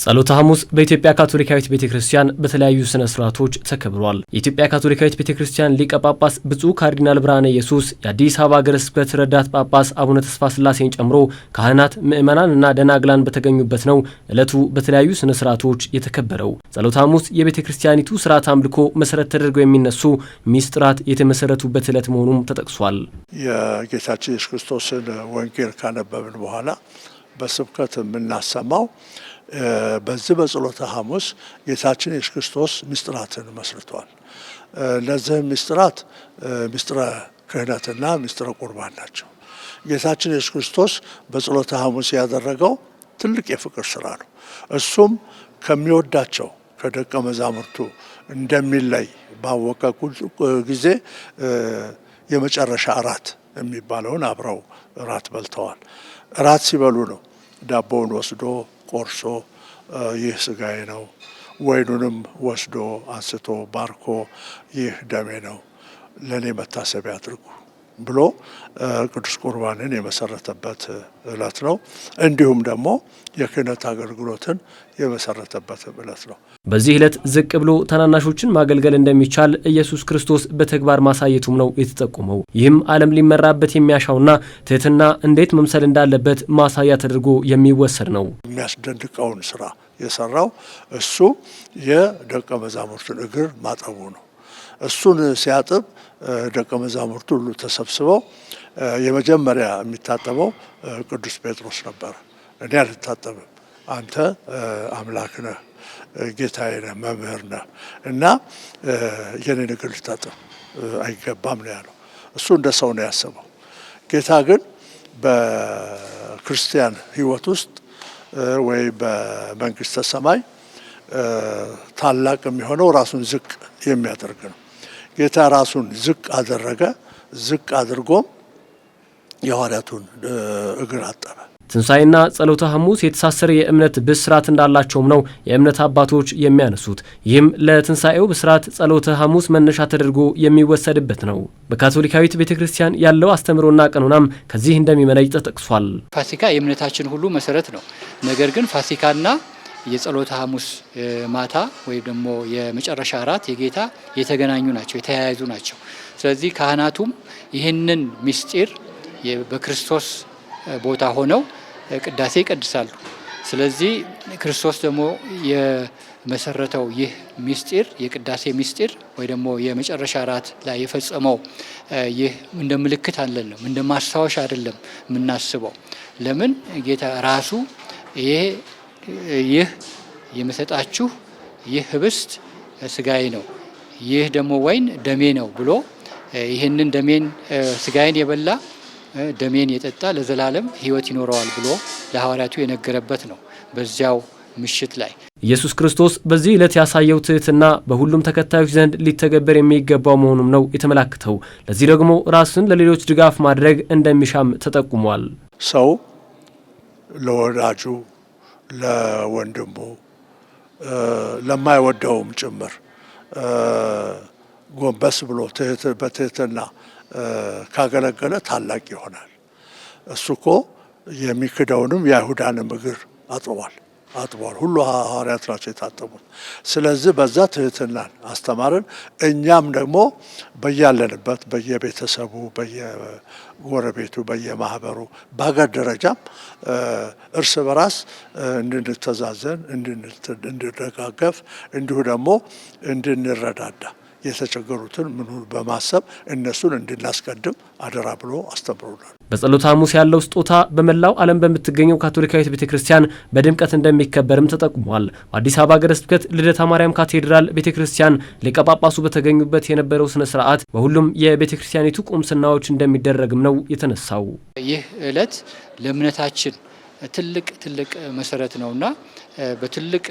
ጸሎተ ሐሙስ በኢትዮጵያ ካቶሊካዊት ቤተ ክርስቲያን በተለያዩ ስነ ስርዓቶች ተከብሯል። የኢትዮጵያ ካቶሊካዊት ቤተ ክርስቲያን ሊቀ ጳጳስ ብፁዕ ካርዲናል ብርሃነ ኢየሱስ፣ የአዲስ አበባ ሀገረ ስብከት ረዳት ጳጳስ አቡነ ተስፋ ስላሴን ጨምሮ ካህናት፣ ምእመናን እና ደናግላን በተገኙበት ነው ዕለቱ በተለያዩ ስነ ስርዓቶች የተከበረው። ጸሎተ ሐሙስ የቤተ ክርስቲያኒቱ ስርዓት አምልኮ መሰረት ተደርገው የሚነሱ ሚስጥራት የተመሰረቱበት ዕለት መሆኑም ተጠቅሷል። የጌታችን ኢየሱስ ክርስቶስን ወንጌል ካነበብን በኋላ በስብከት የምናሰማው በዚህ በጸሎተ ሐሙስ ጌታችን ኢየሱስ ክርስቶስ ምስጢራትን መስርቷል። እነዚህም ምስጢራት ምስጢረ ክህነትና ምስጢረ ቁርባን ናቸው። ጌታችን ኢየሱስ ክርስቶስ በጸሎተ ሐሙስ ያደረገው ትልቅ የፍቅር ስራ ነው። እሱም ከሚወዳቸው ከደቀ መዛሙርቱ እንደሚለይ ባወቀ ጊዜ የመጨረሻ እራት የሚባለውን አብረው እራት በልተዋል። እራት ሲበሉ ነው ዳቦውን ወስዶ ቆርሶ ይህ ስጋዬ ነው፣ ወይኑንም ወስዶ አንስቶ ባርኮ ይህ ደሜ ነው፣ ለእኔ መታሰቢያ አድርጉ ብሎ ቅዱስ ቁርባንን የመሰረተበት እለት ነው። እንዲሁም ደግሞ የክህነት አገልግሎትን የመሰረተበት እለት ነው። በዚህ እለት ዝቅ ብሎ ታናናሾችን ማገልገል እንደሚቻል ኢየሱስ ክርስቶስ በተግባር ማሳየቱም ነው የተጠቁመው ይህም ዓለም ሊመራበት የሚያሻውና ትህትና እንዴት መምሰል እንዳለበት ማሳያ ተደርጎ የሚወሰድ ነው። የሚያስደንቀውን ስራ የሰራው እሱ የደቀ መዛሙርትን እግር ማጠቡ ነው። እሱን ሲያጥብ ደቀ መዛሙርቱ ሁሉ ተሰብስበው የመጀመሪያ የሚታጠበው ቅዱስ ጴጥሮስ ነበር። እኔ አልታጠብም፣ አንተ አምላክ ነህ፣ ጌታዬ ነህ፣ መምህር ነህ እና የኔን እግር ልታጥብ አይገባም ነው ያለው። እሱ እንደ ሰው ነው ያሰበው። ጌታ ግን በክርስቲያን ሕይወት ውስጥ ወይ በመንግስተ ሰማይ ታላቅ የሚሆነው ራሱን ዝቅ የሚያደርግ ነው። ጌታ ራሱን ዝቅ አደረገ። ዝቅ አድርጎም የሐዋርያቱን እግር አጠበ። ትንሣኤና ጸሎተ ሐሙስ የተሳሰረ የእምነት ብስራት እንዳላቸውም ነው የእምነት አባቶች የሚያነሱት። ይህም ለትንሣኤው ብስራት ጸሎተ ሐሙስ መነሻ ተደርጎ የሚወሰድበት ነው። በካቶሊካዊት ቤተ ክርስቲያን ያለው አስተምህሮና ቀኖናም ከዚህ እንደሚመነጭ ተጠቅሷል። ፋሲካ የእምነታችን ሁሉ መሰረት ነው። ነገር ግን ፋሲካና የጸሎተ ሐሙስ ማታ ወይም ደግሞ የመጨረሻ እራት የጌታ የተገናኙ ናቸው፣ የተያያዙ ናቸው። ስለዚህ ካህናቱም ይህንን ምስጢር በክርስቶስ ቦታ ሆነው ቅዳሴ ይቀድሳሉ። ስለዚህ ክርስቶስ ደግሞ የመሰረተው ይህ ምስጢር የቅዳሴ ምስጢር ወይ ደግሞ የመጨረሻ እራት ላይ የፈጸመው ይህ እንደ ምልክት አለለም፣ እንደ ማስታወሻ አይደለም የምናስበው። ለምን ጌታ ራሱ ይሄ ይህ የምሰጣችሁ ይህ ህብስት ስጋዬ ነው፣ ይህ ደግሞ ወይን ደሜ ነው ብሎ ይህንን ደሜን ስጋዬን የበላ ደሜን የጠጣ ለዘላለም ህይወት ይኖረዋል ብሎ ለሐዋርያቱ የነገረበት ነው። በዚያው ምሽት ላይ ኢየሱስ ክርስቶስ በዚህ ዕለት ያሳየው ትህትና በሁሉም ተከታዮች ዘንድ ሊተገበር የሚገባው መሆኑም ነው የተመላክተው። ለዚህ ደግሞ ራስን ለሌሎች ድጋፍ ማድረግ እንደሚሻም ተጠቁሟል። ሰው ለወዳጁ ለወንድሙ ለማይወደውም ጭምር ጎንበስ ብሎ በትህትና ካገለገለ ታላቅ ይሆናል። እሱ እኮ የሚክደውንም የአይሁዳንም እግር አጥቧል። አጥቧል። ሁሉ ሐዋርያት ናቸው የታጠቡት። ስለዚህ በዛ ትህትናን አስተማርን። እኛም ደግሞ በያለንበት በየቤተሰቡ፣ በየጎረቤቱ፣ በየማህበሩ በሀገር ደረጃም እርስ በራስ እንድንተዛዘን፣ እንድንደጋገፍ እንዲሁ ደግሞ እንድንረዳዳ የተቸገሩትን ምኑን በማሰብ እነሱን እንድናስቀድም አደራ ብሎ አስተምሮናል። በጸሎተ ሐሙስ ያለው ስጦታ በመላው ዓለም በምትገኘው ካቶሊካዊት ቤተ ክርስቲያን በድምቀት እንደሚከበርም ተጠቁሟል። በአዲስ አበባ ሀገረ ስብከት ልደታ ማርያም ካቴድራል ቤተ ክርስቲያን ሊቀ ጳጳሱ በተገኙበት የነበረው ስነ ስርዓት በሁሉም የቤተ ክርስቲያኒቱ ቁምስናዎች እንደሚደረግም ነው የተነሳው። ይህ ዕለት ለእምነታችን ትልቅ ትልቅ መሰረት እና በትልቅ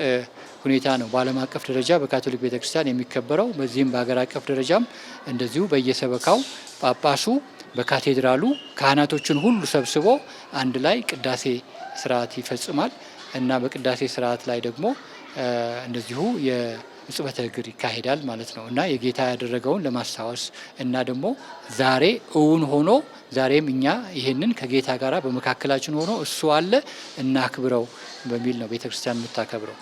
ሁኔታ ነው በዓለም አቀፍ ደረጃ በካቶሊክ ቤተክርስቲያን የሚከበረው። በዚህም በሀገር አቀፍ ደረጃም እንደዚሁ በየሰበካው ጳጳሱ በካቴድራሉ ካህናቶችን ሁሉ ሰብስቦ አንድ ላይ ቅዳሴ ስርዓት ይፈጽማል እና በቅዳሴ ስርዓት ላይ ደግሞ እንደዚሁ የእጽበተ እግር ይካሄዳል ማለት ነው እና የጌታ ያደረገውን ለማስታወስ እና ደግሞ ዛሬ እውን ሆኖ ዛሬም እኛ ይህንን ከጌታ ጋር በመካከላችን ሆኖ እሱ አለ እናክብረው በሚል ነው ቤተክርስቲያን የምታከብረው።